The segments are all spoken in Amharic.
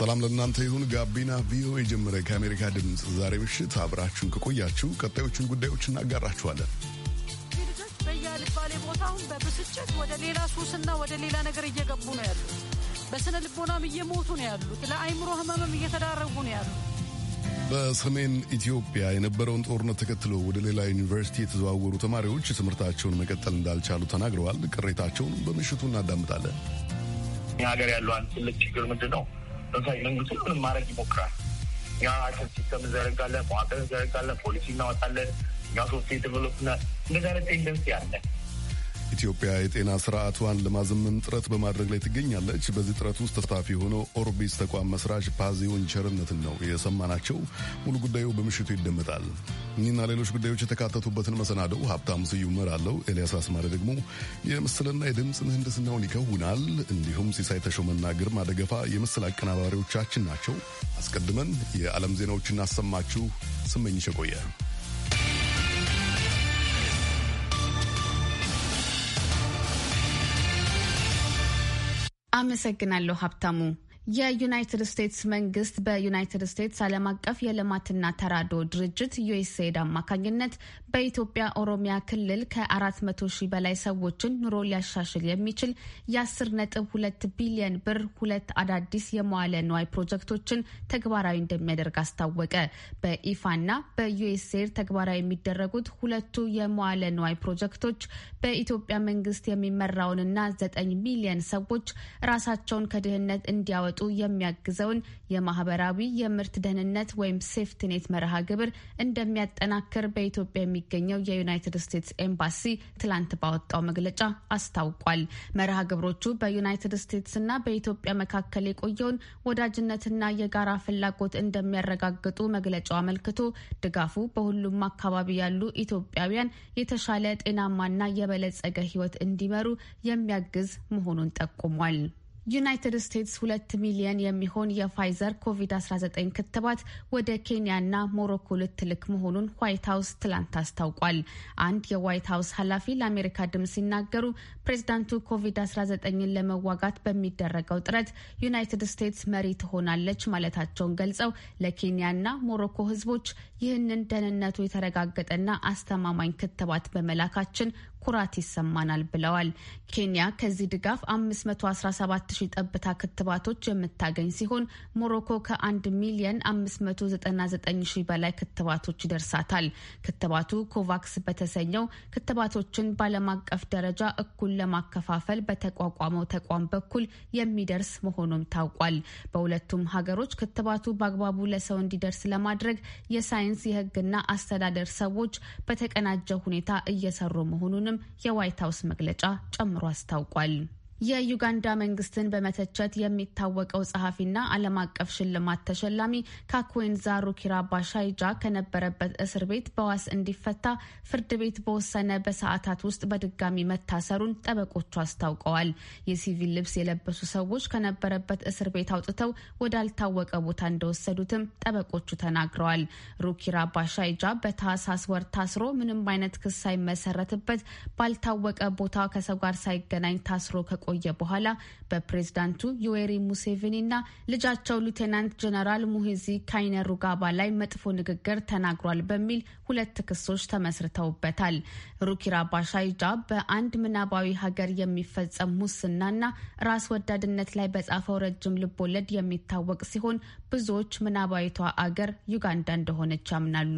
ሰላም ለእናንተ ይሁን። ጋቢና ቪኦኤ ጀመረ። ከአሜሪካ ድምፅ ዛሬ ምሽት አብራችሁን ከቆያችሁ ቀጣዮቹን ጉዳዮች እናጋራችኋለን። ልጆች በየአልባሌ ቦታውን በብስጭት ወደ ሌላ ሱስና ወደ ሌላ ነገር እየገቡ ነው ያሉ በስነ ልቦናም እየሞቱ ነው ያሉት። ለአይምሮ ህመምም እየተዳረጉ ነው ያሉ በሰሜን ኢትዮጵያ የነበረውን ጦርነት ተከትሎ ወደ ሌላ ዩኒቨርሲቲ የተዘዋወሩ ተማሪዎች ትምህርታቸውን መቀጠል እንዳልቻሉ ተናግረዋል። ቅሬታቸውን በምሽቱ እናዳምጣለን። ሀገር ያለው አንድ ትልቅ ችግር ምንድን ነው? ለምሳሌ መንግስቱ ምንም ማድረግ ይሞክራል። እኛ አክል ሲስተም እንዘረጋለን፣ መዋቅር እንዘረጋለን፣ ፖሊሲ እናወጣለን፣ እኛ ሶፍትዌር ዴቨሎፕ እንደዚህ አይነት ቴንደንሲ አለ። ኢትዮጵያ የጤና ስርዓቷን ለማዘመን ጥረት በማድረግ ላይ ትገኛለች። በዚህ ጥረት ውስጥ ተሳታፊ የሆነው ኦርቢስ ተቋም መስራች ፓዚዮን ቸርነትን ነው የሰማናቸው። ሙሉ ጉዳዩ በምሽቱ ይደመጣል። እኚህና ሌሎች ጉዳዮች የተካተቱበትን መሰናደው ሀብታም ስዩም እመራለሁ። ኤልያስ አስማሪ ደግሞ የምስልና የድምፅ ምህንድስናውን ይከውናል። እንዲሁም ሲሳይ ተሾመና ግርማ ደገፋ የምስል አቀናባሪዎቻችን ናቸው። አስቀድመን የዓለም ዜናዎችን እናሰማችሁ። ስመኝሽ ቆየ አመሰግናለሁ ሀብታሙ። የዩናይትድ ስቴትስ መንግስት በዩናይትድ ስቴትስ ዓለም አቀፍ የልማትና ተራድኦ ድርጅት ዩኤስኤድ አማካኝነት በኢትዮጵያ ኦሮሚያ ክልል ከ400 ሺህ በላይ ሰዎችን ኑሮ ሊያሻሽል የሚችል የ10.2 ቢሊየን ብር ሁለት አዳዲስ የመዋለ ንዋይ ፕሮጀክቶችን ተግባራዊ እንደሚያደርግ አስታወቀ። በኢፋና በዩኤስኤር ተግባራዊ የሚደረጉት ሁለቱ የመዋለ ንዋይ ፕሮጀክቶች በኢትዮጵያ መንግስት የሚመራውንና 9 ሚሊየን ሰዎች ራሳቸውን ከድህነት እንዲያወጡ የሚያግዘውን የማህበራዊ የምርት ደህንነት ወይም ሴፍትኔት መርሃ ግብር እንደሚያጠናክር በኢትዮጵያ የሚ የሚገኘው የዩናይትድ ስቴትስ ኤምባሲ ትላንት ባወጣው መግለጫ አስታውቋል። መርሃ ግብሮቹ በዩናይትድ ስቴትስና በኢትዮጵያ መካከል የቆየውን ወዳጅነትና የጋራ ፍላጎት እንደሚያረጋግጡ መግለጫው አመልክቶ ድጋፉ በሁሉም አካባቢ ያሉ ኢትዮጵያውያን የተሻለ ጤናማና የበለጸገ ሕይወት እንዲመሩ የሚያግዝ መሆኑን ጠቁሟል። ዩናይትድ ስቴትስ ሁለት ሚሊየን የሚሆን የፋይዘር ኮቪድ-19 ክትባት ወደ ኬንያና ሞሮኮ ልትልክ መሆኑን ዋይት ሀውስ ትላንት አስታውቋል። አንድ የዋይት ሀውስ ኃላፊ ለአሜሪካ ድምፅ ሲናገሩ ፕሬዚዳንቱ ኮቪድ-19ን ለመዋጋት በሚደረገው ጥረት ዩናይትድ ስቴትስ መሪ ትሆናለች ማለታቸውን ገልጸው ለኬንያና ሞሮኮ ህዝቦች ይህንን ደህንነቱ የተረጋገጠና አስተማማኝ ክትባት በመላካችን ኩራት ይሰማናል ብለዋል። ኬንያ ከዚህ ድጋፍ 517 ሺህ ጠብታ ክትባቶች የምታገኝ ሲሆን ሞሮኮ ከ1 ሚሊየን 599 ሺህ በላይ ክትባቶች ይደርሳታል። ክትባቱ ኮቫክስ በተሰኘው ክትባቶችን በዓለም አቀፍ ደረጃ እኩል ለማከፋፈል በተቋቋመው ተቋም በኩል የሚደርስ መሆኑም ታውቋል። በሁለቱም ሀገሮች ክትባቱ በአግባቡ ለሰው እንዲደርስ ለማድረግ የሳይንስ የሕግና አስተዳደር ሰዎች በተቀናጀ ሁኔታ እየሰሩ መሆኑን። መሆኑንም የዋይት ሀውስ መግለጫ ጨምሮ አስታውቋል። የዩጋንዳ መንግስትን በመተቸት የሚታወቀው ጸሐፊና ዓለም አቀፍ ሽልማት ተሸላሚ ካኩዌንዛ ሩኪራ ባሻይጃ ከነበረበት እስር ቤት በዋስ እንዲፈታ ፍርድ ቤት በወሰነ በሰዓታት ውስጥ በድጋሚ መታሰሩን ጠበቆቹ አስታውቀዋል። የሲቪል ልብስ የለበሱ ሰዎች ከነበረበት እስር ቤት አውጥተው ወዳልታወቀ ቦታ እንደወሰዱትም ጠበቆቹ ተናግረዋል። ሩኪራ ባሻይጃ በታህሳስ ወር ታስሮ ምንም አይነት ክስ ሳይመሰረትበት ባልታወቀ ቦታ ከሰው ጋር ሳይገናኝ ታስሮ ከቆ ከቆየ በኋላ በፕሬዝዳንቱ ዩዌሪ ሙሴቪኒና ልጃቸው ሉቴናንት ጀነራል ሙሂዚ ካይነሩጋባ ላይ መጥፎ ንግግር ተናግሯል በሚል ሁለት ክሶች ተመስርተውበታል። ሩኪራ ባሻይጃ በአንድ ምናባዊ ሀገር የሚፈጸም ሙስናና ራስ ወዳድነት ላይ በጻፈው ረጅም ልቦለድ የሚታወቅ ሲሆን ብዙዎች ምናባዊቷ አገር ዩጋንዳ እንደሆነች ያምናሉ።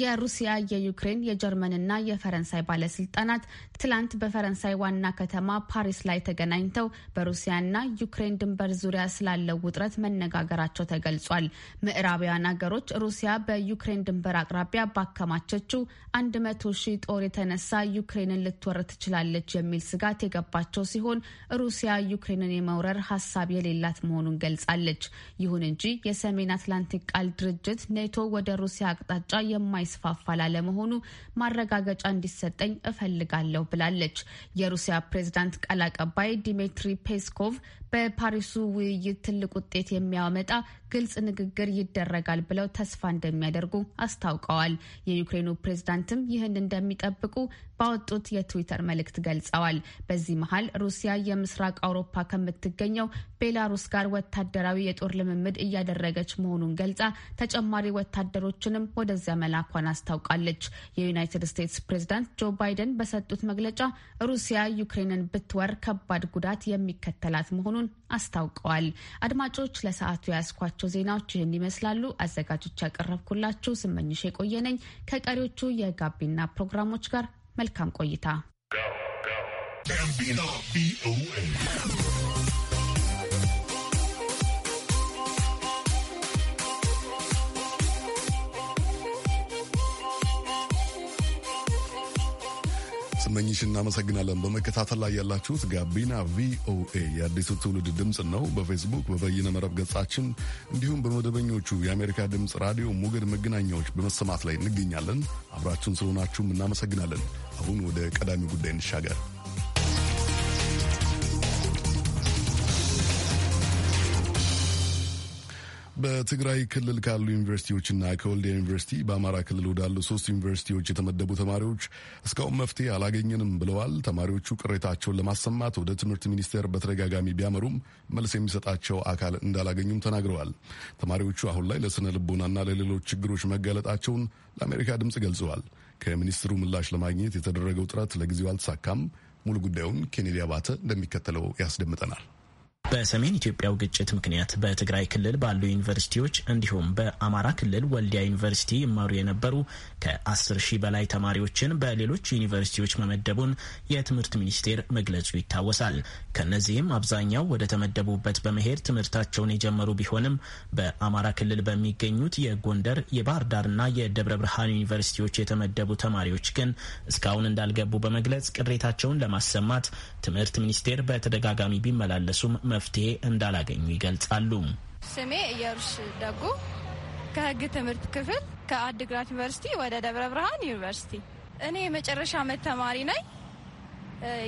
የሩሲያ የዩክሬን የጀርመንና የፈረንሳይ ባለስልጣናት ትላንት በፈረንሳይ ዋና ከተማ ፓሪስ ላይ ተገናኝተው በሩሲያና ዩክሬን ድንበር ዙሪያ ስላለው ውጥረት መነጋገራቸው ተገልጿል። ምዕራባውያን ሀገሮች ሩሲያ በዩክሬን ድንበር አቅራቢያ ባከማቸችው አንድ መቶ ሺህ ጦር የተነሳ ዩክሬንን ልትወር ትችላለች የሚል ስጋት የገባቸው ሲሆን ሩሲያ ዩክሬንን የመውረር ሀሳብ የሌላት መሆኑን ገልጻለች። ይሁን እንጂ የሰሜን አትላንቲክ ቃል ድርጅት ኔቶ ወደ ሩሲያ አቅጣጫ የማ የማይስፋፋ ላለመሆኑ ማረጋገጫ እንዲሰጠኝ እፈልጋለሁ ብላለች። የሩሲያ ፕሬዝዳንት ቃል አቀባይ ዲሜትሪ ፔስኮቭ በፓሪሱ ውይይት ትልቅ ውጤት የሚያመጣ ግልጽ ንግግር ይደረጋል ብለው ተስፋ እንደሚያደርጉ አስታውቀዋል። የዩክሬኑ ፕሬዝዳንትም ይህን እንደሚጠብቁ ባወጡት የትዊተር መልእክት ገልጸዋል። በዚህ መሀል ሩሲያ የምስራቅ አውሮፓ ከምትገኘው ቤላሩስ ጋር ወታደራዊ የጦር ልምምድ እያደረገች መሆኑን ገልጻ ተጨማሪ ወታደሮችንም ወደዚያ መላኳን አስታውቃለች። የዩናይትድ ስቴትስ ፕሬዝዳንት ጆ ባይደን በሰጡት መግለጫ ሩሲያ ዩክሬንን ብትወር ከባድ ጉዳት የሚከተላት መሆኑን አስታውቀዋል። አድማጮች ለሰዓቱ ያስኳቸው ያሰማናቸው ዜናዎች ይህን ይመስላሉ። አዘጋጆች ያቀረብኩላችሁ ስመኝሽ የቆየነኝ ከቀሪዎቹ የጋቢና ፕሮግራሞች ጋር መልካም ቆይታ። ስመኝሽ እናመሰግናለን። በመከታተል ላይ ያላችሁት ጋቢና ቪኦኤ የአዲሱ ትውልድ ድምፅ ነው። በፌስቡክ በበይነ መረብ ገጻችን እንዲሁም በመደበኞቹ የአሜሪካ ድምፅ ራዲዮ ሞገድ መገናኛዎች በመሰማት ላይ እንገኛለን። አብራችሁን ስለሆናችሁም እናመሰግናለን። አሁን ወደ ቀዳሚ ጉዳይ እንሻገር። በትግራይ ክልል ካሉ ዩኒቨርሲቲዎችና ከወልዲያ ዩኒቨርሲቲ በአማራ ክልል ወዳሉ ሶስት ዩኒቨርሲቲዎች የተመደቡ ተማሪዎች እስካሁን መፍትሄ አላገኘንም ብለዋል። ተማሪዎቹ ቅሬታቸውን ለማሰማት ወደ ትምህርት ሚኒስቴር በተደጋጋሚ ቢያመሩም መልስ የሚሰጣቸው አካል እንዳላገኙም ተናግረዋል። ተማሪዎቹ አሁን ላይ ለስነ ልቦናና ለሌሎች ችግሮች መጋለጣቸውን ለአሜሪካ ድምፅ ገልጸዋል። ከሚኒስትሩ ምላሽ ለማግኘት የተደረገው ጥረት ለጊዜው አልተሳካም። ሙሉ ጉዳዩን ኬኔዲ አባተ እንደሚከተለው ያስደምጠናል። በሰሜን ኢትዮጵያው ግጭት ምክንያት በትግራይ ክልል ባሉ ዩኒቨርሲቲዎች እንዲሁም በአማራ ክልል ወልዲያ ዩኒቨርሲቲ ይማሩ የነበሩ ከ10 ሺህ በላይ ተማሪዎችን በሌሎች ዩኒቨርሲቲዎች መመደቡን የትምህርት ሚኒስቴር መግለጹ ይታወሳል። ከነዚህም አብዛኛው ወደ ተመደቡበት በመሄድ ትምህርታቸውን የጀመሩ ቢሆንም በአማራ ክልል በሚገኙት የጎንደር የባህር ዳርና የደብረ ብርሃን ዩኒቨርሲቲዎች የተመደቡ ተማሪዎች ግን እስካሁን እንዳልገቡ በመግለጽ ቅሬታቸውን ለማሰማት ትምህርት ሚኒስቴር በተደጋጋሚ ቢመላለሱም መፍትሄ እንዳላገኙ ይገልጻሉ። ስሜ እየሩስ ደጉ ከህግ ትምህርት ክፍል ከአድግራት ዩኒቨርሲቲ ወደ ደብረ ብርሃን ዩኒቨርሲቲ እኔ የመጨረሻ አመት ተማሪ ነኝ።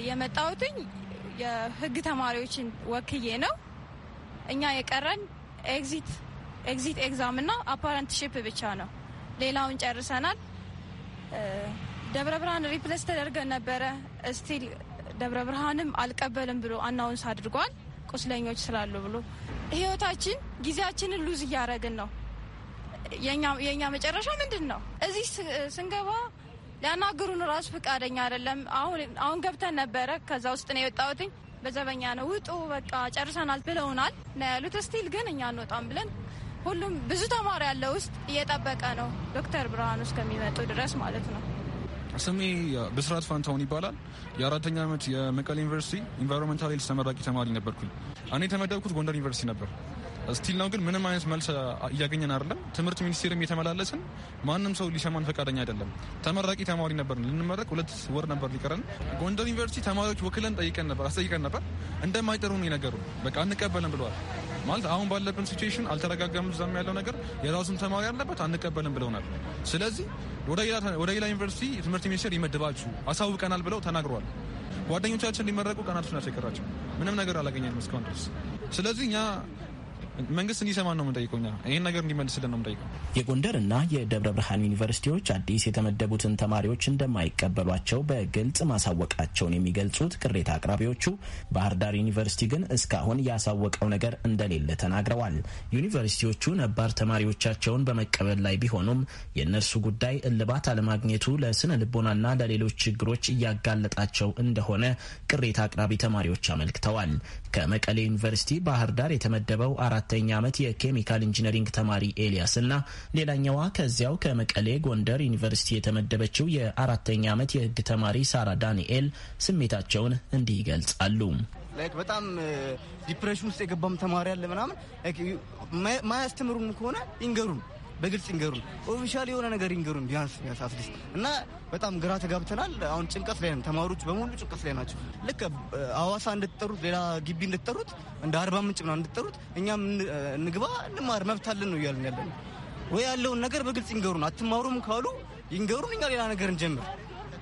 የመጣሁትኝ የህግ ተማሪዎችን ወክዬ ነው። እኛ የቀረን ኤግዚት ኤግዚት ኤግዛምና አፓረንትሽፕ ብቻ ነው። ሌላውን ጨርሰናል። ደብረ ብርሃን ሪፕለስ ተደርገን ነበረ። እስቲል ደብረ ብርሃንም አልቀበልም ብሎ አናውንስ አድርጓል። ቁስለኞች ስላሉ ብሎ ህይወታችን ጊዜያችንን ሉዝ እያደረግን ነው። የእኛ መጨረሻ ምንድን ነው? እዚህ ስንገባ ሊያናግሩን ራሱ ፈቃደኛ አይደለም። አሁን ገብተን ነበረ። ከዛ ውስጥ ነው የወጣሁትኝ። በዘበኛ ነው ውጡ፣ በቃ ጨርሰናል ብለውናል ነው ያሉት። ስቲል ግን እኛ አንወጣም ብለን ሁሉም ብዙ ተማሪ ያለ ውስጥ እየጠበቀ ነው ዶክተር ብርሃኑ እስከሚመጡ ድረስ ማለት ነው። ስሜ ብስራት ፋንታውን ይባላል። የአራተኛ ዓመት የመቀሌ ዩኒቨርሲቲ ኢንቫይሮንመንታል ሄልስ ተመራቂ ተማሪ ነበርኩኝ። እኔ የተመደብኩት ጎንደር ዩኒቨርሲቲ ነበር። ስቲል ነው ግን ምንም አይነት መልስ እያገኘን አይደለም። ትምህርት ሚኒስቴርም የተመላለስን ማንም ሰው ሊሰማን ፈቃደኛ አይደለም። ተመራቂ ተማሪ ነበር፣ ልንመረቅ ሁለት ወር ነበር ሊቀረን። ጎንደር ዩኒቨርሲቲ ተማሪዎች ወክለን ጠይቀን ነበር አስጠይቀን ነበር። ነው የነገሩ በቃ አንቀበለን ብለዋል። ማለት አሁን ባለብን ሲቹዌሽን አልተረጋጋም። እዛም ያለው ነገር የራሱን ተማሪ ያለበት አንቀበልም ብለውናል። ስለዚህ ወደ ሌላ ዩኒቨርሲቲ ትምህርት ሚኒስቴር ይመድባችሁ አሳውቀናል ብለው ተናግረዋል። ጓደኞቻችን ሊመረቁ ቀናቶች ናቸው የቀራቸው። ምንም ነገር አላገኘንም እስካሁን ድረስ። ስለዚህ እኛ መንግስት እንዲሰማ ነው የምንጠይቀው። ይህን ነገር እንዲመልስልን ነው የምንጠይቀው። የጎንደርና የደብረ ብርሃን ዩኒቨርሲቲዎች አዲስ የተመደቡትን ተማሪዎች እንደማይቀበሏቸው በግልጽ ማሳወቃቸውን የሚገልጹት ቅሬታ አቅራቢዎቹ፣ ባህር ዳር ዩኒቨርሲቲ ግን እስካሁን ያሳወቀው ነገር እንደሌለ ተናግረዋል። ዩኒቨርሲቲዎቹ ነባር ተማሪዎቻቸውን በመቀበል ላይ ቢሆኑም የእነርሱ ጉዳይ እልባት አለማግኘቱ ለስነ ልቦናና ለሌሎች ችግሮች እያጋለጣቸው እንደሆነ ቅሬታ አቅራቢ ተማሪዎች አመልክተዋል። ከመቀሌ ዩኒቨርሲቲ ባህር ዳር የተመደበው አራተኛ ዓመት የኬሚካል ኢንጂነሪንግ ተማሪ ኤልያስ እና ሌላኛዋ ከዚያው ከመቀሌ ጎንደር ዩኒቨርሲቲ የተመደበችው የአራተኛ ዓመት የሕግ ተማሪ ሳራ ዳንኤል ስሜታቸውን እንዲህ ይገልጻሉ። በጣም ዲፕሬሽን ውስጥ የገባም ተማሪ አለ ምናምን ማያስተምሩም ከሆነ ይንገሩም በግልጽ ይንገሩን። ኦፊሻል የሆነ ነገር ይንገሩን ቢያንስ ቢያንስ አትሊስት እና በጣም ግራ ተጋብተናል። አሁን ጭንቀት ላይ ነን። ተማሪዎች በሙሉ ጭንቀት ላይ ናቸው። ልክ አዋሳ እንድትጠሩት ሌላ ግቢ እንድትጠሩት እንደ አርባ ምንጭ ምናምን እንድትጠሩት እኛም እንግባ እንማር መብታለን ነው እያልን ያለን ወይ ያለውን ነገር በግልጽ ይንገሩን። አትማሩም ካሉ ይንገሩን፣ እኛ ሌላ ነገር እንጀምር።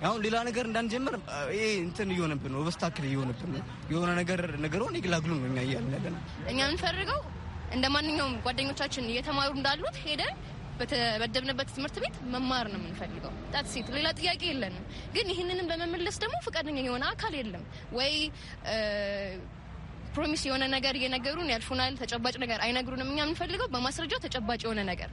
አሁን ሌላ ነገር እንዳንጀምር ይሄ እንትን እየሆነብን ነው፣ ኦብስታክል እየሆነብን ነው። የሆነ ነገር ነገረውን ይግላግሉ ነው እኛ እያልን ያለን እኛ የምንፈልገው እንደ ማንኛውም ጓደኞቻችን እየተማሩ እንዳሉት ሄደን በተመደብንበት ትምህርት ቤት መማር ነው የምንፈልገው። ጣት ሴት ሌላ ጥያቄ የለንም። ግን ይህንንም በመመለስ ደግሞ ፈቃደኛ የሆነ አካል የለም ወይ ፕሮሚስ የሆነ ነገር እየነገሩን ያልፉናል። ተጨባጭ ነገር አይነግሩንም። እኛ የምንፈልገው በማስረጃው ተጨባጭ የሆነ ነገር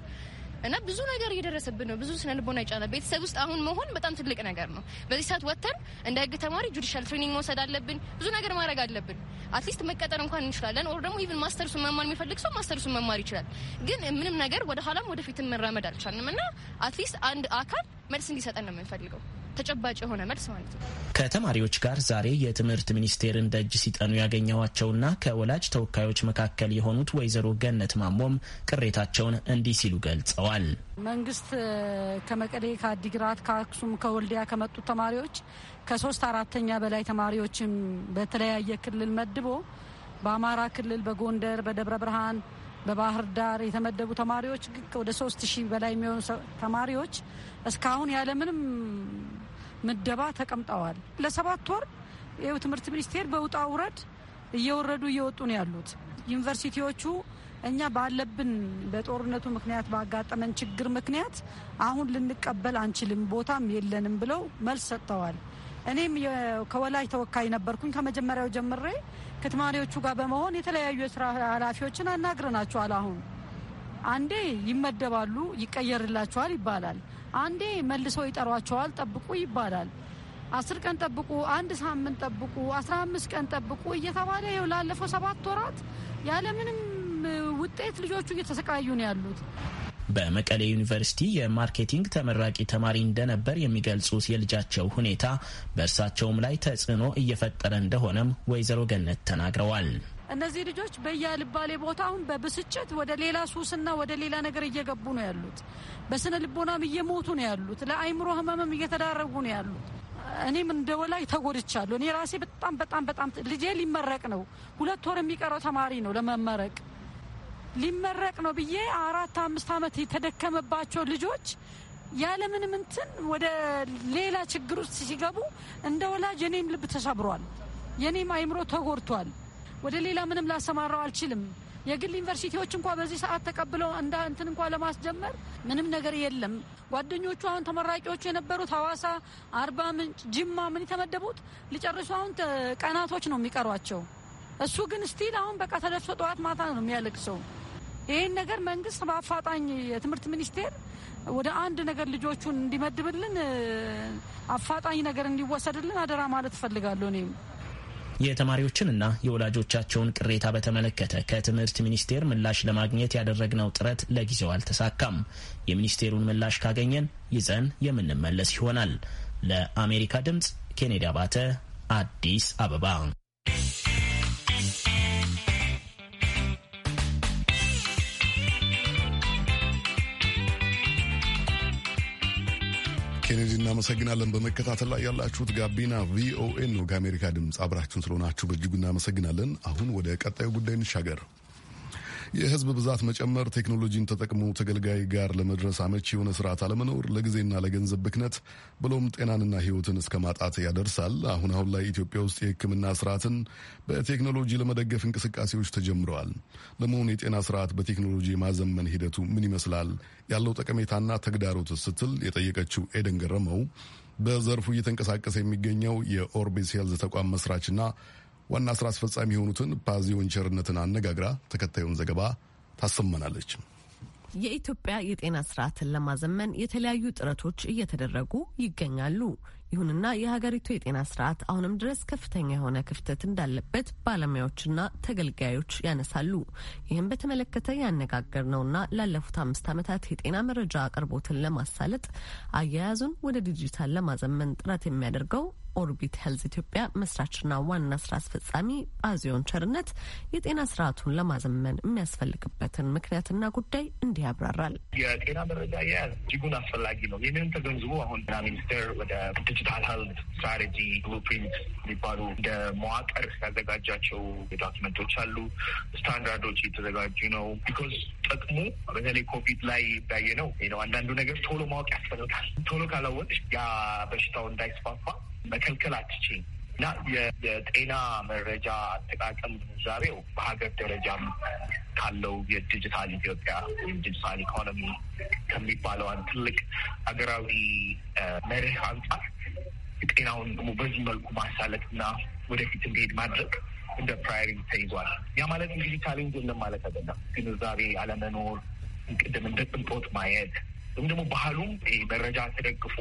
እና ብዙ ነገር እየደረሰብን ነው። ብዙ ስነ ልቦና ይጫናል። ቤተሰብ ውስጥ አሁን መሆን በጣም ትልቅ ነገር ነው። በዚህ ሰዓት ወጥተን እንደ ህግ ተማሪ ጁዲሻል ትሬኒንግ መውሰድ አለብን። ብዙ ነገር ማድረግ አለብን። አትሊስት መቀጠር እንኳን እንችላለን። ኦር ደግሞ ኢቭን ማስተርሱን መማር የሚፈልግ ሰው ማስተርሱን መማር ይችላል። ግን ምንም ነገር ወደ ኋላም ወደፊትም መራመድ አልቻልንም እና አትሊስት አንድ አካል መልስ እንዲሰጠን ነው የምንፈልገው። ተጨባጭ የሆነ መልስ ማለት ነው። ከተማሪዎች ጋር ዛሬ የትምህርት ሚኒስቴርን ደጅ ሲጠኑ ያገኘዋቸውና ከወላጅ ተወካዮች መካከል የሆኑት ወይዘሮ ገነት ማሞም ቅሬታቸውን እንዲህ ሲሉ ገልጸዋል። መንግስት ከመቀሌ፣ ከአዲግራት፣ ከአክሱም፣ ከወልዲያ ከመጡት ተማሪዎች ከሶስት አራተኛ በላይ ተማሪዎችም በተለያየ ክልል መድቦ በአማራ ክልል በጎንደር፣ በደብረ ብርሃን፣ በባህር ዳር የተመደቡ ተማሪዎች ወደ ሶስት ሺህ በላይ የሚሆኑ ተማሪዎች እስካሁን ያለምንም ምደባ ተቀምጠዋል። ለሰባት ወር ይኸው ትምህርት ሚኒስቴር በውጣ ውረድ እየወረዱ እየወጡ ነው ያሉት ዩኒቨርሲቲዎቹ እኛ ባለብን በጦርነቱ ምክንያት ባጋጠመን ችግር ምክንያት አሁን ልንቀበል አንችልም፣ ቦታም የለንም ብለው መልስ ሰጥተዋል። እኔም ከወላጅ ተወካይ ነበርኩኝ። ከመጀመሪያው ጀምሬ ከተማሪዎቹ ጋር በመሆን የተለያዩ የስራ ኃላፊዎችን አናግረናቸዋል። አሁን አንዴ ይመደባሉ፣ ይቀየርላቸዋል ይባላል። አንዴ መልሶ ይጠሯቸዋል፣ ጠብቁ ይባላል። አስር ቀን ጠብቁ፣ አንድ ሳምንት ጠብቁ፣ አስራ አምስት ቀን ጠብቁ እየተባለ ይኸው ላለፈው ሰባት ወራት ያለምንም ውጤት ልጆቹ እየተሰቃዩ ነው ያሉት። በመቀሌ ዩኒቨርሲቲ የማርኬቲንግ ተመራቂ ተማሪ እንደነበር የሚገልጹት የልጃቸው ሁኔታ በእርሳቸውም ላይ ተጽዕኖ እየፈጠረ እንደሆነም ወይዘሮ ገነት ተናግረዋል። እነዚህ ልጆች በያልባሌ ቦታ አሁን በብስጭት ወደ ሌላ ሱስና ወደ ሌላ ነገር እየገቡ ነው ያሉት። በስነ ልቦናም እየሞቱ ነው ያሉት። ለአይምሮ ህመምም እየተዳረጉ ነው ያሉት። እኔም እንደ ወላጅ ተጎድቻለሁ። እኔ ራሴ በጣም በጣም በጣም ልጄ ሊመረቅ ነው። ሁለት ወር የሚቀረው ተማሪ ነው ለመመረቅ ሊመረቅ ነው ብዬ አራት አምስት ዓመት የተደከመባቸው ልጆች ያለምንም እንትን ወደ ሌላ ችግር ውስጥ ሲገቡ እንደ ወላጅ የኔም ልብ ተሰብሯል። የኔም አይምሮ ተጎድቷል። ወደ ሌላ ምንም ላሰማራው አልችልም። የግል ዩኒቨርሲቲዎች እንኳ በዚህ ሰዓት ተቀብለው እንደ እንትን እንኳ ለማስጀመር ምንም ነገር የለም። ጓደኞቹ አሁን ተመራቂዎቹ የነበሩት ሐዋሳ፣ አርባ ምንጭ፣ ጅማ ምን የተመደቡት ሊጨርሱ አሁን ቀናቶች ነው የሚቀሯቸው። እሱ ግን ስቲል አሁን በቃ ተደፍሶ ጠዋት ማታ ነው የሚያለቅሰው። ይህን ነገር መንግስት በአፋጣኝ የትምህርት ሚኒስቴር ወደ አንድ ነገር ልጆቹን እንዲመድብልን አፋጣኝ ነገር እንዲወሰድልን አደራ ማለት እፈልጋለሁ እኔም የተማሪዎችንና የወላጆቻቸውን ቅሬታ በተመለከተ ከትምህርት ሚኒስቴር ምላሽ ለማግኘት ያደረግነው ጥረት ለጊዜው አልተሳካም። የሚኒስቴሩን ምላሽ ካገኘን ይዘን የምንመለስ ይሆናል። ለአሜሪካ ድምጽ ኬኔዲ አባተ አዲስ አበባ ኬኔዲ እናመሰግናለን። በመከታተል ላይ ያላችሁት ጋቢና ቪኦኤ ነው። ከአሜሪካ ድምፅ አብራችሁን ስለሆናችሁ በእጅጉ እናመሰግናለን። አሁን ወደ ቀጣዩ ጉዳይ እንሻገር። የህዝብ ብዛት መጨመር፣ ቴክኖሎጂን ተጠቅሞ ተገልጋይ ጋር ለመድረስ አመቺ የሆነ ስርዓት አለመኖር፣ ለጊዜና ለገንዘብ ብክነት ብሎም ጤናንና ህይወትን እስከ ማጣት ያደርሳል። አሁን አሁን ላይ ኢትዮጵያ ውስጥ የህክምና ስርዓትን በቴክኖሎጂ ለመደገፍ እንቅስቃሴዎች ተጀምረዋል። ለመሆኑ የጤና ስርዓት በቴክኖሎጂ የማዘመን ሂደቱ ምን ይመስላል? ያለው ጠቀሜታና ተግዳሮት ስትል የጠየቀችው ኤደን ገረመው በዘርፉ እየተንቀሳቀሰ የሚገኘው የኦርቢስ ሄልዝ ተቋም መስራችና ዋና ስራ አስፈጻሚ የሆኑትን ፓዚዮን ቸርነትን አነጋግራ ተከታዩን ዘገባ ታሰመናለች። የኢትዮጵያ የጤና ስርዓትን ለማዘመን የተለያዩ ጥረቶች እየተደረጉ ይገኛሉ። ይሁንና የሀገሪቱ የጤና ስርዓት አሁንም ድረስ ከፍተኛ የሆነ ክፍተት እንዳለበት ባለሙያዎችና ተገልጋዮች ያነሳሉ። ይህም በተመለከተ ያነጋገር ነውና ላለፉት አምስት ዓመታት የጤና መረጃ አቅርቦትን ለማሳለጥ አያያዙን ወደ ዲጂታል ለማዘመን ጥረት የሚያደርገው ኦርቢት ሄልዝ ኢትዮጵያ መስራችና ዋና ስራ አስፈጻሚ በአዚዮን ቸርነት የጤና ስርዓቱን ለማዘመን የሚያስፈልግበትን ምክንያትና ጉዳይ እንዲህ ያብራራል። የጤና መረጃ አያያዝ እጅጉን አስፈላጊ ነው። ይህንን ተገንዝቦ አሁን ና ሚኒስቴር ወደ ዲጂታል ሄልዝ ስትራቴጂ ብሉፕሪንት የሚባሉ እንደ መዋቅር ያዘጋጃቸው ዶኪመንቶች አሉ። ስታንዳርዶች የተዘጋጁ ነው። ቢኮዝ ጥቅሙ በተለይ ኮቪድ ላይ ያየ ነው ነው አንዳንዱ ነገር ቶሎ ማወቅ ያስፈልጋል። ቶሎ ካላወቅሽ ያ በሽታው እንዳይስፋፋ መከልከል አትችል እና የጤና መረጃ አጠቃቀም ግንዛቤው በሀገር ደረጃም ካለው የዲጂታል ኢትዮጵያ ወይም ዲጂታል ኢኮኖሚ ከሚባለው አንድ ትልቅ ሀገራዊ መርህ አንጻር ጤናውን ደግሞ በዚህ መልኩ ማሳለጥ እና ወደፊት እንዲሄድ ማድረግ እንደ ፕራዮሪቲ ተይዟል። ያ ማለት እንግዲህ ቻሌንጅ የለም ማለት አይደለም። ግንዛቤ አለመኖር፣ ቅድም እንደ ቅንጦት ማየት ወይም ደግሞ ባህሉም መረጃ ተደግፎ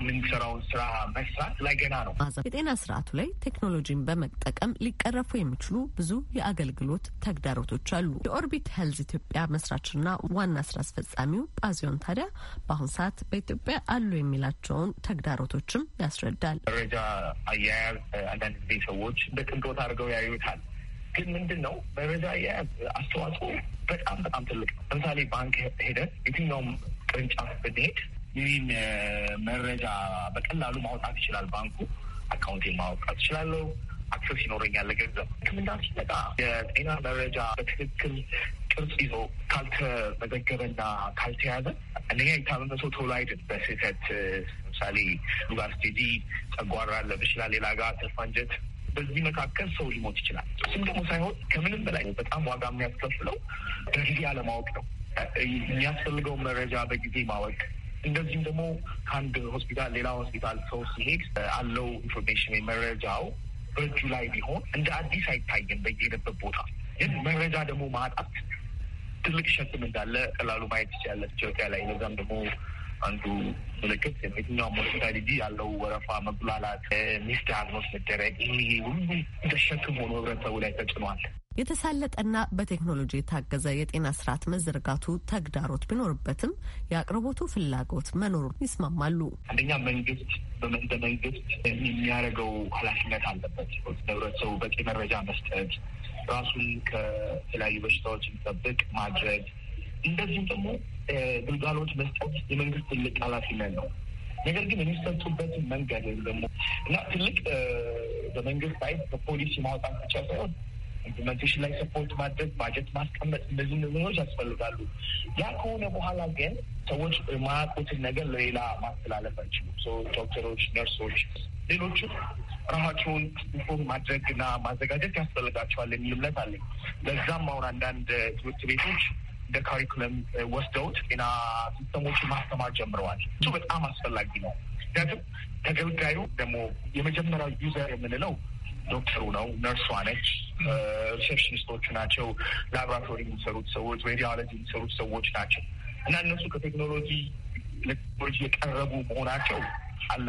የምንሰራውን ስራ መስራት ላይ ገና ነው። የጤና ስርዓቱ ላይ ቴክኖሎጂን በመጠቀም ሊቀረፉ የሚችሉ ብዙ የአገልግሎት ተግዳሮቶች አሉ። የኦርቢት ሄልዝ ኢትዮጵያ መስራችና ዋና ስራ አስፈጻሚው ጳዚዮን ታዲያ በአሁን ሰዓት በኢትዮጵያ አሉ የሚላቸውን ተግዳሮቶችም ያስረዳል። መረጃ አያያዝ አንዳንድ ጊዜ ሰዎች እንደ ቅንጦት አድርገው ያዩታል። ግን ምንድን ነው መረጃ አያያዝ አስተዋጽኦ በጣም በጣም ትልቅ ነው። ለምሳሌ ባንክ ሄደን የትኛውም ቅርንጫፍ ብንሄድ ይህን መረጃ በቀላሉ ማውጣት ይችላል። ባንኩ አካውንቴ ማውጣት ይችላለሁ። አክሰስ ይኖረኛል ለገንዘብ። ሕክምና ሲመጣ የጤና መረጃ በትክክል ቅርጽ ይዞ ካልተመዘገበና ካልተያዘ እንደኛ የታመመ ሰው ቶሎ አይድን። በስህተት ለምሳሌ ሉጋር ስቴጂ ጨጓራ አለብ ይችላል፣ ሌላ ጋር ተፋንጀት በዚህ መካከል ሰው ሊሞት ይችላል። እሱም ደግሞ ሳይሆን ከምንም በላይ በጣም ዋጋ የሚያስከፍለው በጊዜ አለማወቅ ነው። የሚያስፈልገውን መረጃ በጊዜ ማወቅ እንደዚሁም ደግሞ ከአንድ ሆስፒታል ሌላ ሆስፒታል ሰው ሲሄድ አለው ኢንፎርሜሽን መረጃው በእጁ ላይ ቢሆን እንደ አዲስ አይታይም በየሄደበት ቦታ። ግን መረጃ ደግሞ ማጣት ትልቅ ሸክም እንዳለ ቀላሉ ማየት ይቻላል ኢትዮጵያ ላይ። ለዛም ደግሞ አንዱ ምልክት የትኛውም ሆስፒታል ሂጂ ያለው ወረፋ፣ መጉላላት፣ ሚስዳግኖስ መደረግ ይሄ ሁሉ እንደ ሸክም ሆኖ ህብረተሰቡ ላይ ተጭኗል። የተሳለጠና በቴክኖሎጂ የታገዘ የጤና ስርዓት መዘርጋቱ ተግዳሮት ቢኖርበትም የአቅርቦቱ ፍላጎት መኖሩን ይስማማሉ። አንደኛ መንግስት በመንደ መንግስት የሚያደርገው ኃላፊነት አለበት። ለህብረተሰቡ በቂ መረጃ መስጠት፣ ራሱን ከተለያዩ በሽታዎች የሚጠብቅ ማድረግ፣ እንደዚሁም ደግሞ ግልጋሎት መስጠት የመንግስት ትልቅ ኃላፊነት ነው። ነገር ግን የሚሰጡበትን መንገድ ወይም ደግሞ እና ትልቅ በመንግስት ላይ በፖሊሲ ማውጣት ብቻ ሳይሆን ኢምፕሊመንቴሽን ላይ ሰፖርት ማድረግ፣ ባጀት ማስቀመጥ፣ እንደዚህ ነገሮች ያስፈልጋሉ። ያ ከሆነ በኋላ ግን ሰዎች የማያውቁትን ነገር ለሌላ ማስተላለፍ አይችሉም። ዶክተሮች፣ ነርሶች፣ ሌሎችም ራሳቸውን ኢንፎርም ማድረግና ማዘጋጀት ያስፈልጋቸዋል የሚል እምነት አለኝ። ለዛም አሁን አንዳንድ ትምህርት ቤቶች እንደ ካሪኩለም ወስደውት ጤና ሲስተሞችን ማስተማር ጀምረዋል። እሱ በጣም አስፈላጊ ነው። ምክንያቱም ተገልጋዩ ደግሞ የመጀመሪያው ዩዘር የምንለው ዶክተሩ ነው፣ ነርሷ ነች፣ ሪሴፕሽኒስቶቹ ናቸው፣ ላብራቶሪ የሚሰሩት ሰዎች፣ ሬዲዮሎጂ የሚሰሩት ሰዎች ናቸው እና እነሱ ከቴክኖሎጂ ቴክኖሎጂ የቀረቡ መሆናቸው አለ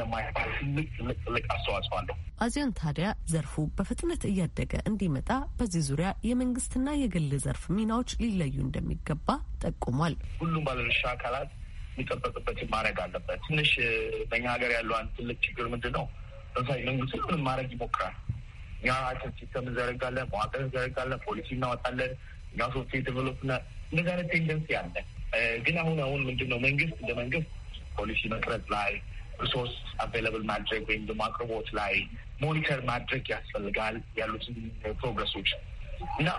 ትልቅ ትልቅ ትልቅ አስተዋጽኦ አለው። አዚያን ታዲያ ዘርፉ በፍጥነት እያደገ እንዲመጣ በዚህ ዙሪያ የመንግስትና የግል ዘርፍ ሚናዎች ሊለዩ እንደሚገባ ጠቁሟል። ሁሉም ባለድርሻ አካላት የሚጠበቅበት ማድረግ አለበት። ትንሽ በኛ ሀገር ያለው አንድ ትልቅ ችግር ምንድን ነው? ለምሳሌ መንግስት ምንም ማድረግ ይሞክራል እኛ አጭር ሲስተም እንዘረጋለን፣ መዋቅር እንዘረጋለን፣ ፖሊሲ እናወጣለን፣ እኛ ሶፍትዌር ዴቨሎፕ እና እንደዚህ አይነት ቴንደንስ ያለ ግን አሁን አሁን ምንድን ነው መንግስት እንደ መንግስት ፖሊሲ መቅረጽ ላይ ሪሶርስ አቬይላብል ማድረግ ወይም ደግሞ አቅርቦት ላይ ሞኒተር ማድረግ ያስፈልጋል ያሉትን ፕሮግረሶች እና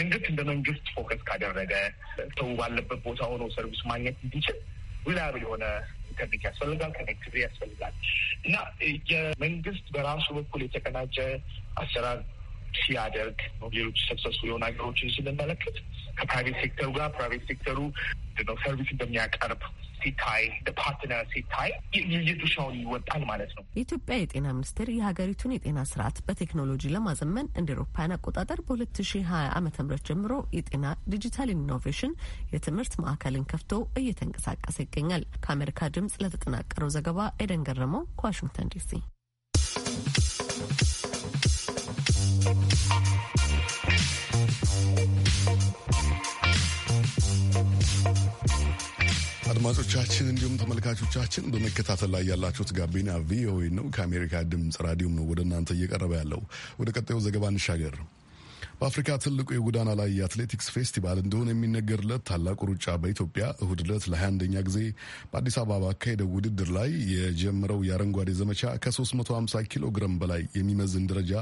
መንግስት እንደ መንግስት ፎከስ ካደረገ ሰው ባለበት ቦታ ሆኖ ሰርቪስ ማግኘት እንዲችል ዊላብል የሆነ ኢንተርኔት ያስፈልጋል፣ ከኔክቲቪ ያስፈልጋል እና የመንግስት በራሱ በኩል የተቀናጀ አሰራር ሲያደርግ ነው ሌሎች ሰክሰሱ የሆኑ ሀገሮችን ስንመለከት ከፕራይቬት ሴክተሩ ጋር ፕራይቬት ሴክተሩ ነው ሰርቪስ እንደሚያቀርብ ሲታይ ፓርትነር ሲታይ የድርሻውን ይወጣል ማለት ነው። የኢትዮጵያ የጤና ሚኒስቴር የሀገሪቱን የጤና ስርዓት በቴክኖሎጂ ለማዘመን እንደ ኤሮፓያን አቆጣጠር በ2020 ዓ ም ጀምሮ የጤና ዲጂታል ኢኖቬሽን የትምህርት ማዕከልን ከፍቶ እየተንቀሳቀሰ ይገኛል። ከአሜሪካ ድምጽ ለተጠናቀረው ዘገባ ኤደን ገረመው ከዋሽንግተን ዲሲ። Thank you. አድማጮቻችን እንዲሁም ተመልካቾቻችን በመከታተል ላይ ያላችሁት ጋቢና ቪኦኤ ነው። ከአሜሪካ ድምፅ ራዲዮም ነው ወደ እናንተ እየቀረበ ያለው። ወደ ቀጣዩ ዘገባ እንሻገር። በአፍሪካ ትልቁ የጎዳና ላይ የአትሌቲክስ ፌስቲቫል እንደሆነ የሚነገርለት ታላቁ ሩጫ በኢትዮጵያ እሁድ ዕለት ለ21ኛ ጊዜ በአዲስ አበባ አካሄደው ውድድር ላይ የጀመረው የአረንጓዴ ዘመቻ ከ350 ኪሎ ግራም በላይ የሚመዝን ደረጃ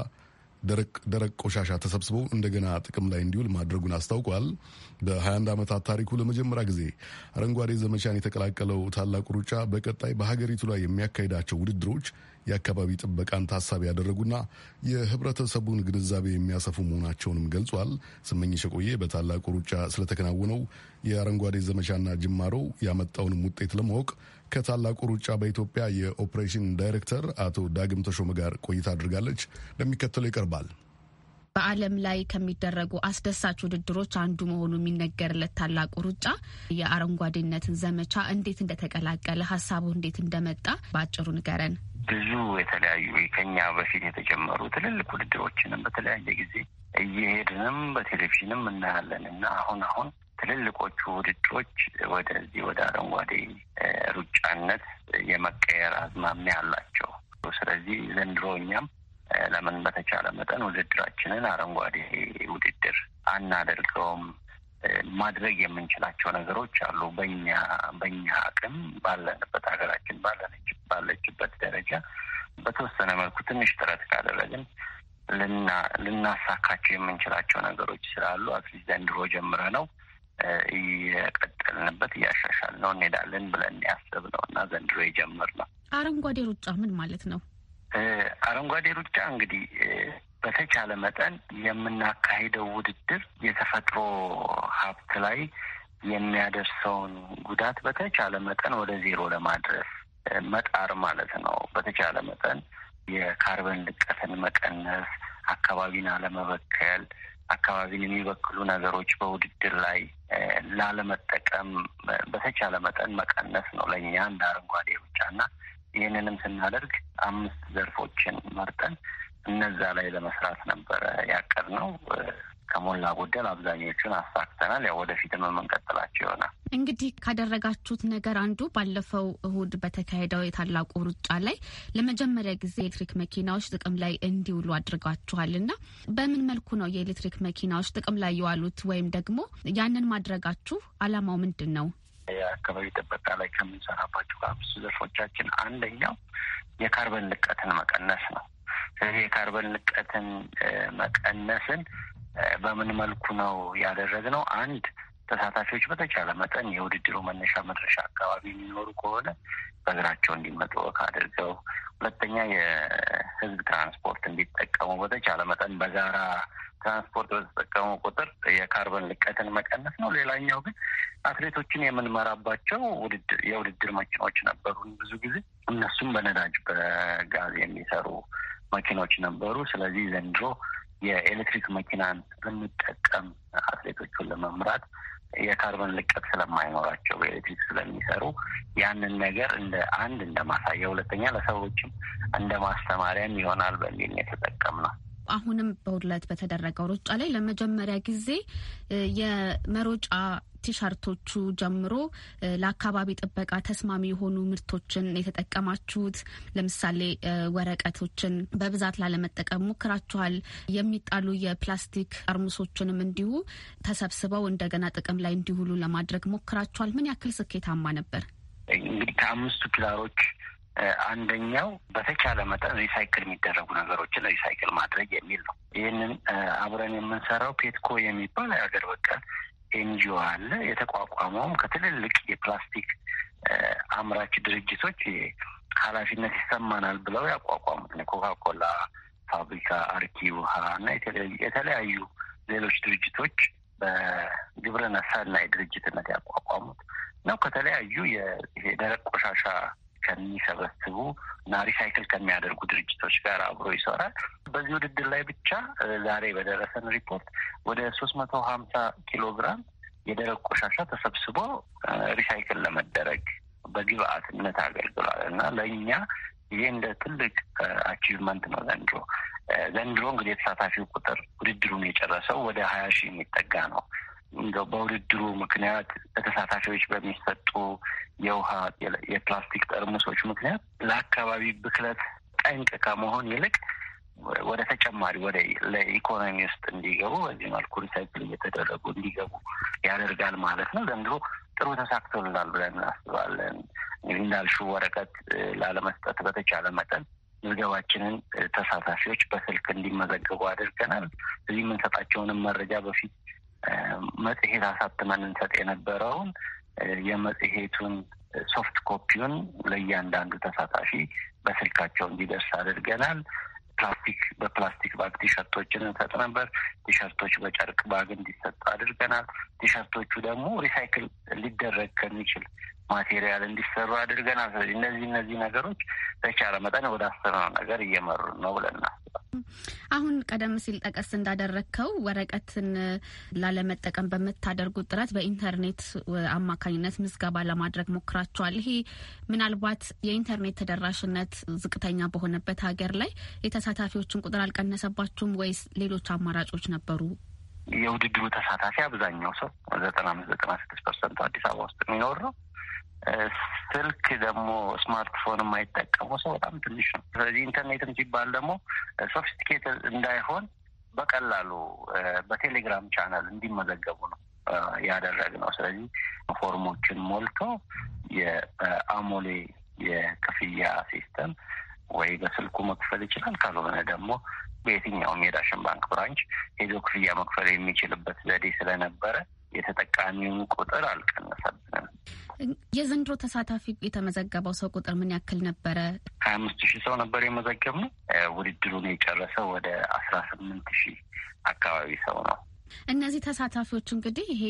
ደረቅ ቆሻሻ ተሰብስቦ እንደገና ጥቅም ላይ እንዲውል ማድረጉን አስታውቋል። በ21 ዓመታት ታሪኩ ለመጀመሪያ ጊዜ አረንጓዴ ዘመቻን የተቀላቀለው ታላቁ ሩጫ በቀጣይ በሀገሪቱ ላይ የሚያካሂዳቸው ውድድሮች የአካባቢ ጥበቃን ታሳቢ ያደረጉና የህብረተሰቡን ግንዛቤ የሚያሰፉ መሆናቸውንም ገልጿል። ስመኝሽ ቆየ በታላቁ ሩጫ ስለተከናወነው የአረንጓዴ ዘመቻና ጅማሮ ያመጣውንም ውጤት ለማወቅ ከታላቁ ሩጫ በኢትዮጵያ የኦፕሬሽን ዳይሬክተር አቶ ዳግም ተሾመ ጋር ቆይታ አድርጋለች። እንደሚከተለው ይቀርባል። በዓለም ላይ ከሚደረጉ አስደሳች ውድድሮች አንዱ መሆኑ የሚነገርለት ታላቁ ሩጫ የአረንጓዴነትን ዘመቻ እንዴት እንደተቀላቀለ ሀሳቡ እንዴት እንደመጣ በአጭሩ ንገረን። ብዙ የተለያዩ ከኛ በፊት የተጀመሩ ትልልቅ ውድድሮችንም በተለያየ ጊዜ እየሄድንም በቴሌቪዥንም እናያለን እና አሁን አሁን ትልልቆቹ ውድድሮች ወደዚህ ወደ አረንጓዴ ሩጫነት የመቀየር አዝማሚያ አላቸው። ስለዚህ ዘንድሮ እኛም ለምን በተቻለ መጠን ውድድራችንን አረንጓዴ ውድድር አናደርገውም? ማድረግ የምንችላቸው ነገሮች አሉ። በኛ በኛ አቅም ባለንበት ሀገራችን ባለችበት ደረጃ በተወሰነ መልኩ ትንሽ ጥረት ካደረግን ልናሳካቸው የምንችላቸው ነገሮች ስላሉ አትሊስት ዘንድሮ ጀምረ ነው እየቀጠልንበት እያሻሻል ነው እንሄዳለን ብለን ያስብ ነው እና ዘንድሮ የጀመር ነው አረንጓዴ ሩጫ ምን ማለት ነው? አረንጓዴ ሩጫ እንግዲህ በተቻለ መጠን የምናካሄደው ውድድር የተፈጥሮ ሀብት ላይ የሚያደርሰውን ጉዳት በተቻለ መጠን ወደ ዜሮ ለማድረስ መጣር ማለት ነው። በተቻለ መጠን የካርበን ልቀትን መቀነስ፣ አካባቢን አለመበከል፣ አካባቢን የሚበክሉ ነገሮች በውድድር ላይ ላለመጠቀም በተቻለ መጠን መቀነስ ነው ለእኛ እንደ አረንጓዴ ሩጫና ይህንንም ስናደርግ አምስት ዘርፎችን መርጠን እነዛ ላይ ለመስራት ነበረ ያቀድነው። ከሞላ ጎደል አብዛኞቹን አሳክተናል። ያው ወደፊትም የምንቀጥላቸው ይሆናል። እንግዲህ ካደረጋችሁት ነገር አንዱ ባለፈው እሁድ በተካሄደው የታላቁ ሩጫ ላይ ለመጀመሪያ ጊዜ የኤሌክትሪክ መኪናዎች ጥቅም ላይ እንዲውሉ አድርጋችኋል እና በምን መልኩ ነው የኤሌክትሪክ መኪናዎች ጥቅም ላይ የዋሉት? ወይም ደግሞ ያንን ማድረጋችሁ አላማው ምንድን ነው? የአካባቢ ጥበቃ ላይ ከምንሰራባቸው ከአምስቱ ዘርፎቻችን አንደኛው የካርበን ልቀትን መቀነስ ነው። ስለዚህ የካርበን ልቀትን መቀነስን በምን መልኩ ነው ያደረግ ነው አንድ ተሳታፊዎች በተቻለ መጠን የውድድሩ መነሻ መድረሻ አካባቢ የሚኖሩ ከሆነ በእግራቸው እንዲመጡ አድርገው፣ ሁለተኛ የህዝብ ትራንስፖርት እንዲጠቀሙ በተቻለ መጠን በጋራ ትራንስፖርት በተጠቀሙ ቁጥር የካርበን ልቀትን መቀነስ ነው። ሌላኛው ግን አትሌቶችን የምንመራባቸው ውድድር የውድድር መኪኖች ነበሩ ብዙ ጊዜ እነሱም በነዳጅ በጋዝ የሚሰሩ መኪኖች ነበሩ። ስለዚህ ዘንድሮ የኤሌክትሪክ መኪናን ብንጠቀም አትሌቶቹን ለመምራት የካርበን ልቀት ስለማይኖራቸው በኤሌክትሪክ ስለሚሰሩ ያንን ነገር እንደ አንድ እንደ ማሳያ፣ ሁለተኛ ለሰዎችም እንደ ማስተማሪያም ይሆናል በሚል ነው አሁንም በሁለት በተደረገው ሩጫ ላይ ለመጀመሪያ ጊዜ የመሮጫ ቲሸርቶቹ ጀምሮ ለአካባቢ ጥበቃ ተስማሚ የሆኑ ምርቶችን የተጠቀማችሁት? ለምሳሌ ወረቀቶችን በብዛት ላለመጠቀም ሞክራችኋል። የሚጣሉ የፕላስቲክ ጠርሙሶችንም እንዲሁ ተሰብስበው እንደገና ጥቅም ላይ እንዲውሉ ለማድረግ ሞክራችኋል። ምን ያክል ስኬታማ ነበር? እንግዲህ ከአምስቱ ፒላሮች አንደኛው በተቻለ መጠን ሪሳይክል የሚደረጉ ነገሮችን ሪሳይክል ማድረግ የሚል ነው። ይህንን አብረን የምንሰራው ፔትኮ የሚባል ሀገር በቀል ኤንጂኦ አለ። የተቋቋመውም ከትልልቅ የፕላስቲክ አምራች ድርጅቶች ኃላፊነት ይሰማናል ብለው ያቋቋሙት ነው። ፋብሪካ፣ አርኪ ውሃ እና የተለያዩ ሌሎች ድርጅቶች በግብረ ሰናይ ድርጅትነት ያቋቋሙት ነው። ከተለያዩ የደረቅ ቆሻሻ ከሚሰበስቡ እና ሪሳይክል ከሚያደርጉ ድርጅቶች ጋር አብሮ ይሰራል። በዚህ ውድድር ላይ ብቻ ዛሬ በደረሰን ሪፖርት ወደ ሶስት መቶ ሀምሳ ኪሎ ግራም የደረቅ ቆሻሻ ተሰብስቦ ሪሳይክል ለመደረግ በግብአትነት አገልግሏል እና ለእኛ ይሄ እንደ ትልቅ አቺቭመንት ነው። ዘንድሮ ዘንድሮ እንግዲህ የተሳታፊው ቁጥር ውድድሩን የጨረሰው ወደ ሀያ ሺህ የሚጠጋ ነው። እንደው በውድድሩ ምክንያት ለተሳታፊዎች በሚሰጡ የውሃ የፕላስቲክ ጠርሙሶች ምክንያት ለአካባቢ ብክለት ጠንቅ ከመሆን ይልቅ ወደ ተጨማሪ ወደ ለኢኮኖሚ ውስጥ እንዲገቡ በዚህ መልኩ ሪሳይክል እየተደረጉ እንዲገቡ ያደርጋል ማለት ነው። ዘንድሮ ጥሩ ተሳክቶልናል ብለን እናስባለን። እንዳልሹ ወረቀት ላለመስጠት በተቻለ መጠን ምዝገባችንን ተሳታፊዎች በስልክ እንዲመዘገቡ አድርገናል። እዚህ የምንሰጣቸውንም መረጃ በፊት መጽሔት አሳትመን እንሰጥ የነበረውን የመጽሔቱን ሶፍት ኮፒውን ለእያንዳንዱ ተሳታፊ በስልካቸው እንዲደርስ አድርገናል። ፕላስቲክ በፕላስቲክ ባግ ቲሸርቶችን እንሰጥ ነበር። ቲሸርቶች በጨርቅ ባግ እንዲሰጡ አድርገናል። ቲሸርቶቹ ደግሞ ሪሳይክል ሊደረግ ከሚችል ማቴሪያል እንዲሰሩ አድርገናል። ስለዚህ እነዚህ እነዚህ ነገሮች በቻለ መጠን ወደ አሰብነው ነገር እየመሩ ነው ብለን አሁን ቀደም ሲል ጠቀስ እንዳደረግከው ወረቀትን ላለመጠቀም በምታደርጉት ጥረት በኢንተርኔት አማካኝነት ምዝገባ ለማድረግ ሞክራችኋል። ይሄ ምናልባት የኢንተርኔት ተደራሽነት ዝቅተኛ በሆነበት ሀገር ላይ የተሳታፊዎችን ቁጥር አልቀነሰባችሁም ወይስ ሌሎች አማራጮች ነበሩ? የውድድሩ ተሳታፊ አብዛኛው ሰው ዘጠና አምስት ዘጠና ስድስት ፐርሰንቱ አዲስ አበባ ውስጥ የሚኖር ነው። ስልክ ደግሞ ስማርትፎን የማይጠቀሙ ሰው በጣም ትንሽ ነው። ስለዚህ ኢንተርኔትም ሲባል ደግሞ ሶፊስቲኬት እንዳይሆን በቀላሉ በቴሌግራም ቻናል እንዲመዘገቡ ነው ነው። ስለዚህ ፎርሞችን ሞልቶ የአሞሌ የክፍያ ሲስተም ወይ በስልኩ መክፈል ይችላል፣ ካልሆነ ደግሞ በየትኛውም የዳሽን ባንክ ብራንች ሄዶ ክፍያ መክፈል የሚችልበት ዘዴ ስለነበረ የተጠቃሚውን ቁጥር አልቀነሰብንም። የዘንድሮ ተሳታፊ የተመዘገበው ሰው ቁጥር ምን ያክል ነበረ? ሀያ አምስት ሺህ ሰው ነበር የመዘገብነው። ውድድሩን የጨረሰው ወደ አስራ ስምንት ሺህ አካባቢ ሰው ነው። እነዚህ ተሳታፊዎች እንግዲህ ይሄ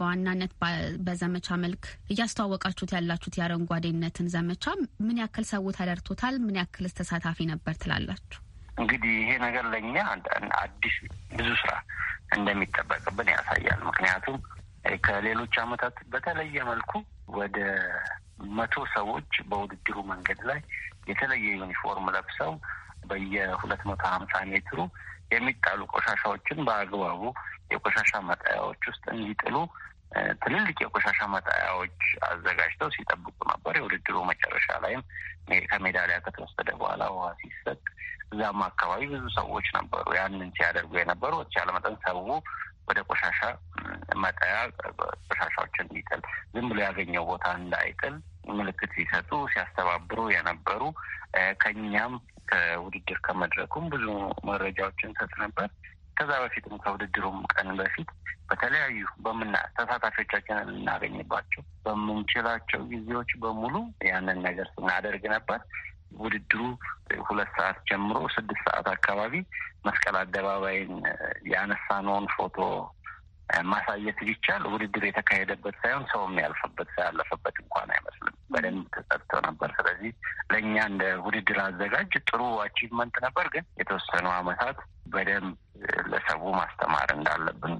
በዋናነት በዘመቻ መልክ እያስተዋወቃችሁት ያላችሁት የአረንጓዴነትን ዘመቻ ምን ያክል ሰው ተደርቶታል ምን ያክልስ ተሳታፊ ነበር ትላላችሁ? እንግዲህ ይሄ ነገር ለእኛ አዲስ ብዙ ስራ እንደሚጠበቅብን ያሳያል። ምክንያቱም ከሌሎች አመታት በተለየ መልኩ ወደ መቶ ሰዎች በውድድሩ መንገድ ላይ የተለየ ዩኒፎርም ለብሰው በየሁለት መቶ ሀምሳ ሜትሩ የሚጣሉ ቆሻሻዎችን በአግባቡ የቆሻሻ መጣያዎች ውስጥ እንዲጥሉ ትልልቅ የቆሻሻ መጣያዎች አዘጋጅተው ሲጠብቁ ነበር። የውድድሩ መጨረሻ ላይም ከሜዳሊያ ከተወሰደ በኋላ ውሃ ሲሰጥ እዛም አካባቢ ብዙ ሰዎች ነበሩ። ያንን ሲያደርጉ የነበሩ በተቻለ መጠን ሰው ወደ ቆሻሻ መጣያ ቆሻሻዎችን እንዲጥል ዝም ብሎ ያገኘው ቦታ እንዳይጥል ምልክት ሲሰጡ ሲያስተባብሩ የነበሩ ከኛም ከውድድር ከመድረኩም ብዙ መረጃዎችን ሰጥ ነበር። ከዛ በፊትም ከውድድሩም ቀን በፊት በተለያዩ በምና ተሳታፊዎቻችንን ልናገኝባቸው በምንችላቸው ጊዜዎች በሙሉ ያንን ነገር ስናደርግ ነበር። ውድድሩ ሁለት ሰዓት ጀምሮ ስድስት ሰዓት አካባቢ መስቀል አደባባይን ያነሳነውን ፎቶ ማሳየት ቢቻል ውድድር የተካሄደበት ሳይሆን ሰው የሚያልፍበት ሳያለፈበት እንኳን አይመስልም። በደንብ ተጠርቶ ነበር። ስለዚህ ለእኛ እንደ ውድድር አዘጋጅ ጥሩ አቺቭመንት ነበር። ግን የተወሰኑ አመታት በደንብ ለሰው ማስተማር እንዳለብን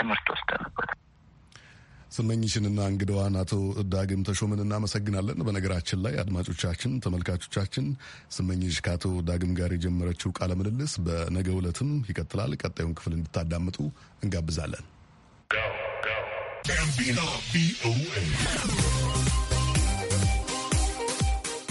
ትምህርት ወስደንበት ስመኝሽንና እንግዳዋን አቶ ዳግም ተሾመን እናመሰግናለን። በነገራችን ላይ አድማጮቻችን፣ ተመልካቾቻችን ስመኝሽ ከአቶ ዳግም ጋር የጀመረችው ቃለ ምልልስ በነገ ዕለትም ይቀጥላል። ቀጣዩን ክፍል እንድታዳምጡ እንጋብዛለን።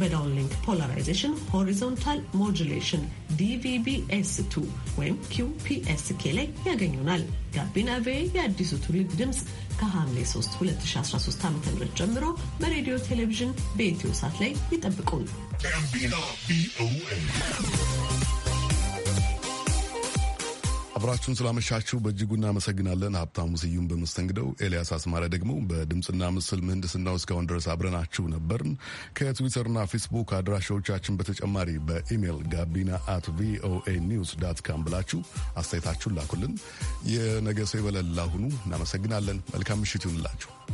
በዳውንሊንክ ፖላራይዜሽን ሆሪዞንታል ሞዱሌሽን ዲቪቢኤስ2 ወይም ኪውፒኤስኬ ላይ ያገኙናል። ጋቢና ቬ የአዲሱ ትውልድ ድምፅ ከሐምሌ 3 2013 ዓ ም ጀምሮ በሬዲዮ ቴሌቪዥን በኢትዮ ሳት ላይ ይጠብቁን። አብራችሁን ስላመሻችሁ በእጅጉ እናመሰግናለን። ሀብታሙ ስዩም በመስተንግደው፣ ኤልያስ አስማረ ደግሞ በድምፅና ምስል ምህንድስናው እስካሁን ድረስ አብረናችሁ ነበርን። ከትዊተርና ፌስቡክ አድራሻዎቻችን በተጨማሪ በኢሜይል ጋቢና አት ቪኦኤ ኒውስ ዳት ካም ብላችሁ አስተያየታችሁን ላኩልን። የነገ ሰው ይበለን። ላሁኑ እናመሰግናለን። መልካም ምሽት ይሁንላችሁ።